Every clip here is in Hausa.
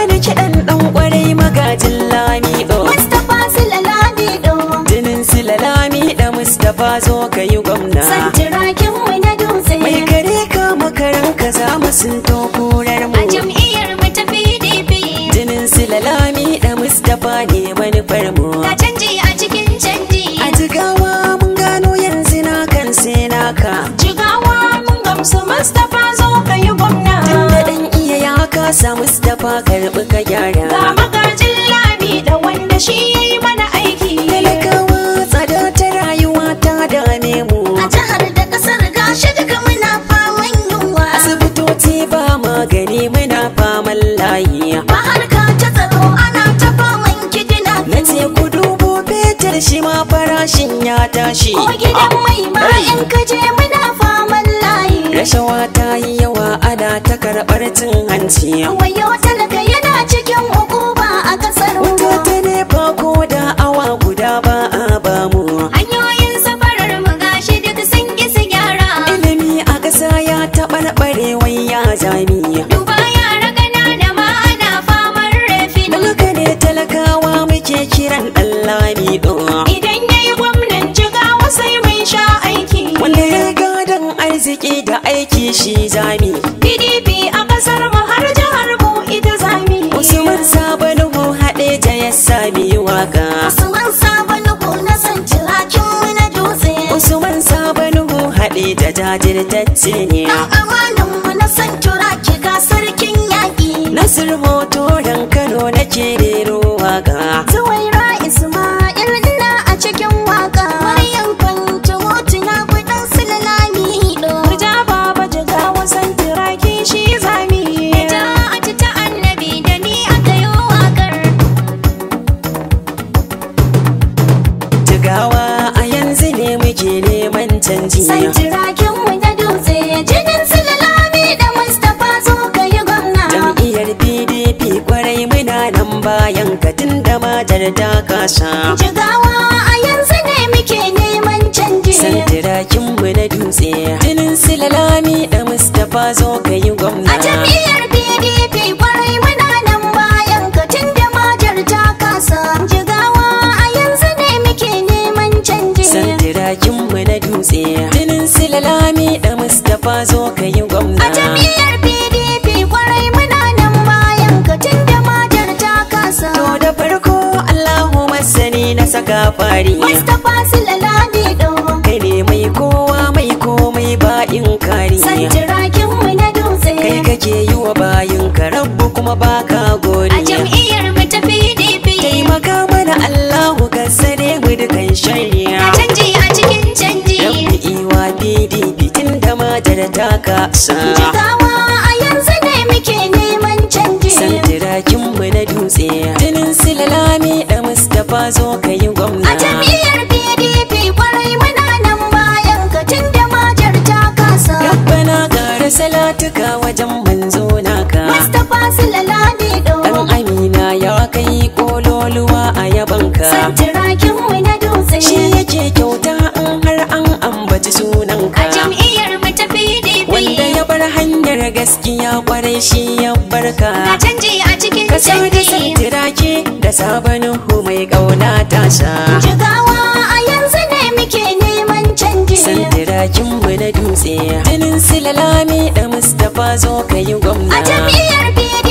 wani kiɗan ɗan ƙwarai magajin lamiɗo Mustapha Silalamiɗo Jinin Silalamiɗo Mustapha zo ka yi gwamna San tirakin mu na dutse Mai kare ka makaran ka za mu sun to kurar mu A jam'iyyar mu ta PDP Jinin Silalamiɗo Mustapha ne manufar mu sa Mustapha karɓi ka gyara. Ga magajin lami da wanda shi ya yi mana aiki. Talakawa tsada ta rayuwa ta dame mu. A jihar da kasar gashi muna faman yunwa. Asibitoci ba magani muna faman layi. Ba harka ta tsaro ana ta faman kidina. Na ce ku dubo fetur shi ma farashin ya tashi. Ko gidan mai ma in ka je muna rashawa ta yi yawa ada ta karɓar cin hanci wayo talaka yana cikin hukuma a ƙasar Wuta ta ne ba ko da awa guda ba a ba mu hanyoyin safarar mu gashi duk sun gisa gyara ilimi a ƙasa ya taɓarɓare wai ya zami PDP da aiki shi zami. PDP a ƙasar mu har jihar mu ita zami. Usman Sabo Nuhu haɗe da ya sami waka. Usman Sabo na san cirakin mu na dutse. Usman Sabo Nuhu haɗe ta jajirtacce ne. Ɗan amanan mu na san turaki ga sarkin yaƙi. Nasir ran Kano nake rero waka. duniya santirakin mu da dutse jinin silalami da mustapha zo ka yi gwamna jam'iyyar pdp kwarai muna nan bayan ka da matar ta kasa jigawa a yanzu ne muke neman canji santirakin mu na dutse jinin silalami da mustapha zo ka yi gwamna a jam'iyyar fari Mustapha Sulalani do Kai ne mai kowa mai komai baɗin kari Sanjirakin mu na dutse Kai kake yi wa bayin ka rabbu kuma baka. salatuka wajen manzo naka Mustapha sallalani do Dan Amina ya kai kololuwa a yabanka Sanjirakin mu na dutse Shi yake kyauta an har an ambaci sunanka A jam'iyyar mu ta PDP Wanda ya bar hanyar gaskiya kwarai shi ya barka Ka canji a cikin canji Ka da da sabon hu mai kauna tasha Jigawa matakin mu na dutse jinin silalami da mustapha zo ka yi gwamna a jam'iyyar pdp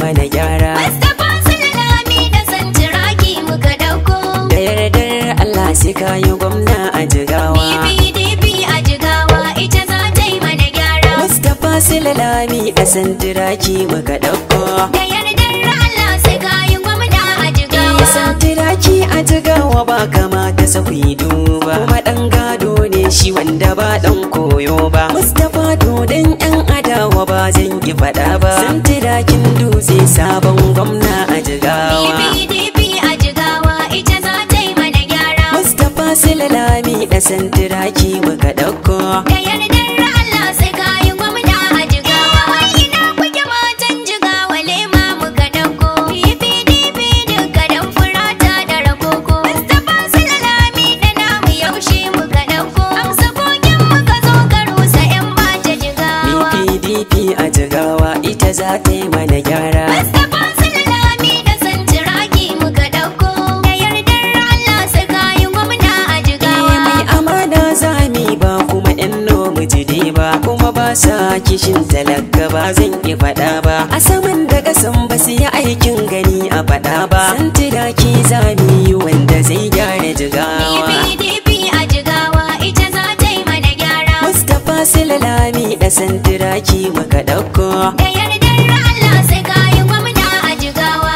mana gyara da yardar Allah sai ka yi gwamna a jigawa BPDP a jigawa ita za ta yi mana gyara Mustapha Silalami a santiraki muka ɗauko da yardar Allah sai ka yi gwamna a jigawa santiraki a jigawa ba kamata sa ku yi duba kuma ɗan gado ne shi wanda ba ɗan koyo ba Mustapha to dodon 'yan adawa ba zan ki faɗa ba santirakin Shamsi sabon gwamna a jigawa. PDP e a jigawa ita za ta yi mana gyara. Mustapha Silalami da Santiraki muka ɗauko. Da yardar Allah sai ka yi gwamna a jigawa. Ina kuke matan jigawa lema muka ɗauko. PDP e duka don furata da rakoko. Mustapha Silalami da namu yaushe muka ɗauko. Amsa kogin muka zo ka 'yan mata jigawa. PDP e a jigawa ita za ta yi jigawa a jigawa ita za ta yi mana gyara Mustapha sulalami da Santiraki maka ɗauko Da yardar Allah sai ka yi gwamna a jigawa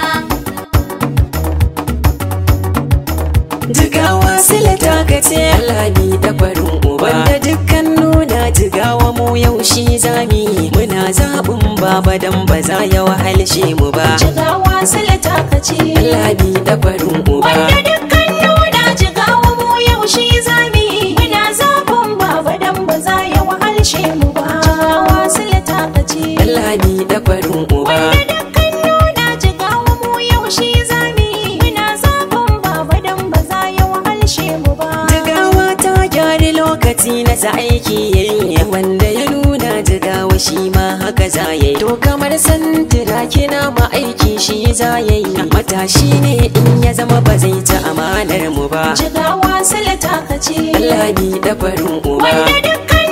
Jigawa Sila ta gace Alhami da barin uba Wanda dukkan nuna jigawa mu yaushe zami muna zaɓin baba dan ba za ya wahalshe mu ba Jigawa Sila ta gace Alhami da barin uba Wanda dukkan ta uba. lokaci na sa aiki yayi wanda ya nuna jigawa shi ma haka za ya yi to kamar san kina ma aiki shi za ya yi matashi ne in ya zama ba zai ci amanar mu ba jigawa sala ta kace Allah ni da farin uba wanda dukkan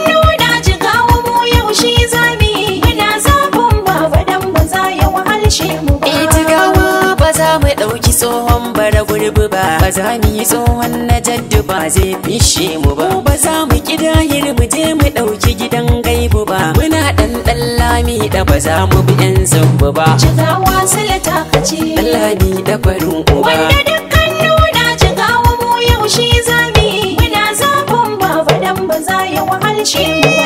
tsohon bara gurbi ba ba za mu yi tsohon na jaddu ba zai bishe mu ba ba za mu kidayar mu je mu ɗauki gidan gaibu ba muna dan ɗan lami da ba za mu bi yan zambu ba jigawa ta kace ɗan lami da farin uba wanda dukkan nuna jigawa mu yaushe za mu yi muna zafin ba fadan ba za ya wahalshe mu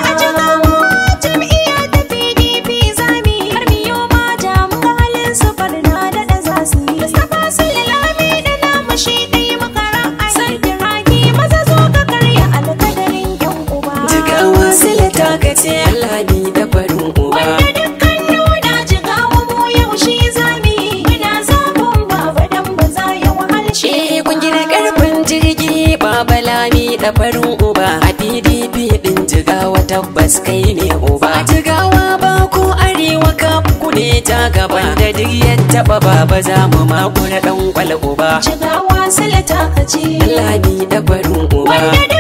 taba baba za mu mako na dan kwale uba. Jigawa salata kace. Allah ni dabarin uba.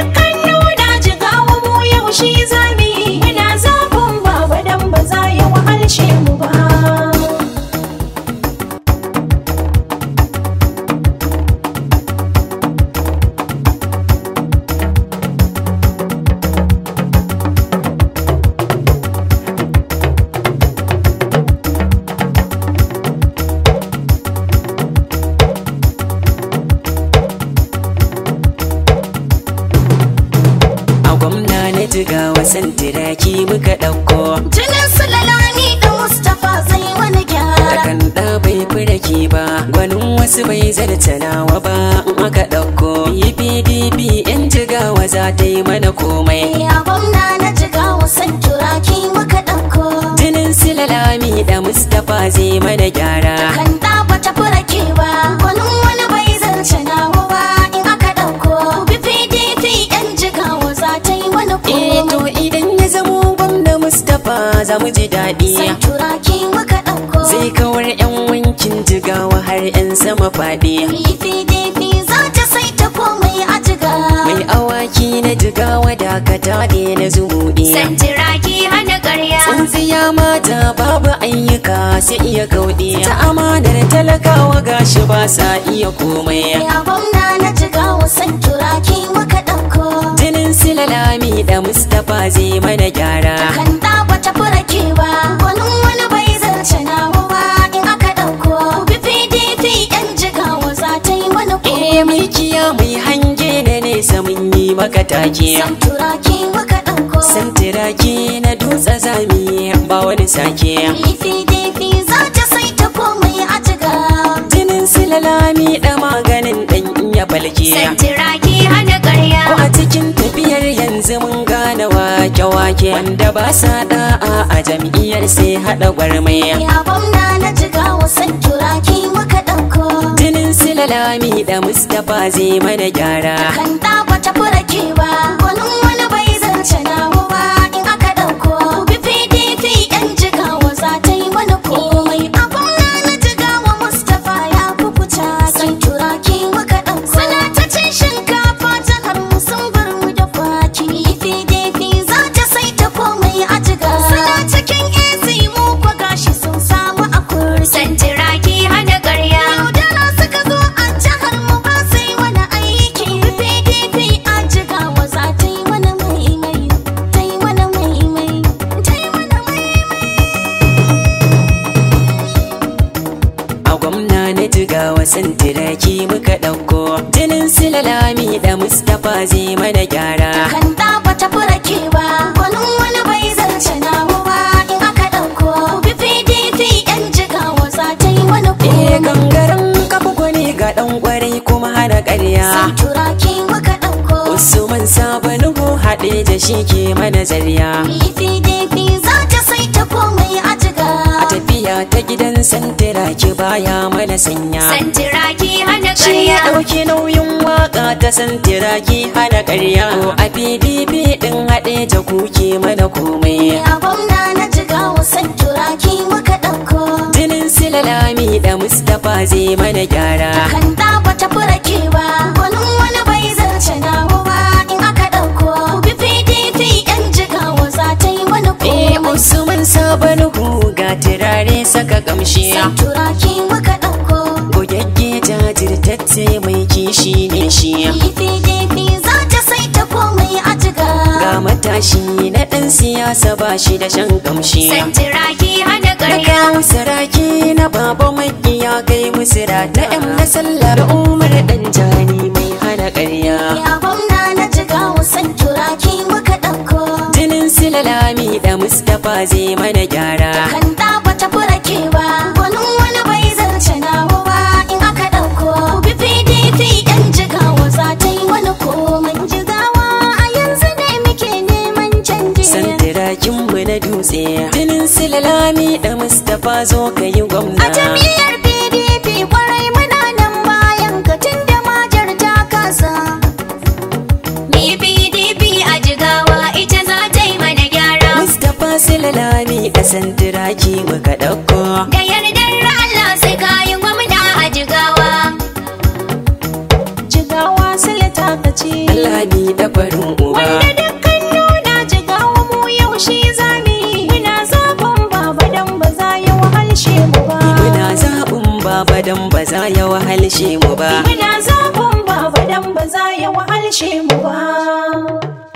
nasu bai zarta nawa ba in aka ɗauko yi pdp yan jigawa za ta yi mana komai a gwamna na jigawa san turaki maka ɗauko jinin silalami da mustapha zai mana gyara kan ta bata fura ba. gwanin wani bai zarta nawa ba in aka ɗauko bi pdp yan jigawa za ta yi mana komai eh to idan ya zamo gwamna mustapha za mu ji daɗi san jigawa har 'yan sama faɗi. PDP za ta sai ta komai a jiga. Mai awaki na jigawa dakata ne na San Santiraki hana ƙarya. Tsintsiya mata babu ayyuka sai iya kauɗi. Ta amanar talakawa gashi ba sa iya komai. Mai gwamna na jigawa san turaki maka ɗauko. Jinin silalami da Mustapha zai mana gyara. Kan ta bata fura kewa. Gwanin wani ba ke mikiya mai hange na nesa mun yi maka take santura ke ɗauko na dutsa zami ba wani sake lifi-lifi za ta sai ta komai a jiga jinin silalami da maganin ɗan iya Santura ke hana ƙarya ko a cikin tafiyar yanzu mun gane wake-wake wanda ba sa da'a a jam'iyyar sai haɗa gwarmaya ya gwamna na jigawa wa santuraki maka salami da mustapha zai mana gyara kan ta bata fura kewa Khadija shi ke mana zariya. Fifi dai za ta sai ta komai a jiga. A tafiya ta gidan santira ki baya mana sanya. Santira ki hana ƙarya. Shi ɗauki nauyin waƙa ta santira ki hana ƙarya. Ko a bibi ɗin haɗe ta kuke mana komai. Ya gwamna na jiga wa santira ki muka ɗauko. Jinin silalami da Mustapha zai mana gyara. Kanta sabon ga turare saka gamshi santura ki muka ɗauko gogegge jajirtacce mai kishi ne shi fifi e za ta sai ta komai a jiga ga matashi na ɗan siyasa ba shi da shan kamshi San hana ƙarya na saraki na baba magiya kai musira na na sallah da umar ɗan jani mai hana ƙarya ya gwamna na jiga wasan turaki kalami da mustapha zai mana gyara yi muka ɗauko. Da yardar Allah sai ka yi gwamna a jigawa. Jigawa sila ta kace. Allah ni da farin uba. Wanda dukkan nuna jigawa mu yau shi zami. Muna zaɓin baba dan ba za ya wahalshe mu ba. Muna zaɓin baba dan ba za ya wahalshe mu ba. Muna zaɓin baba dan ba za ya wahalshe mu ba.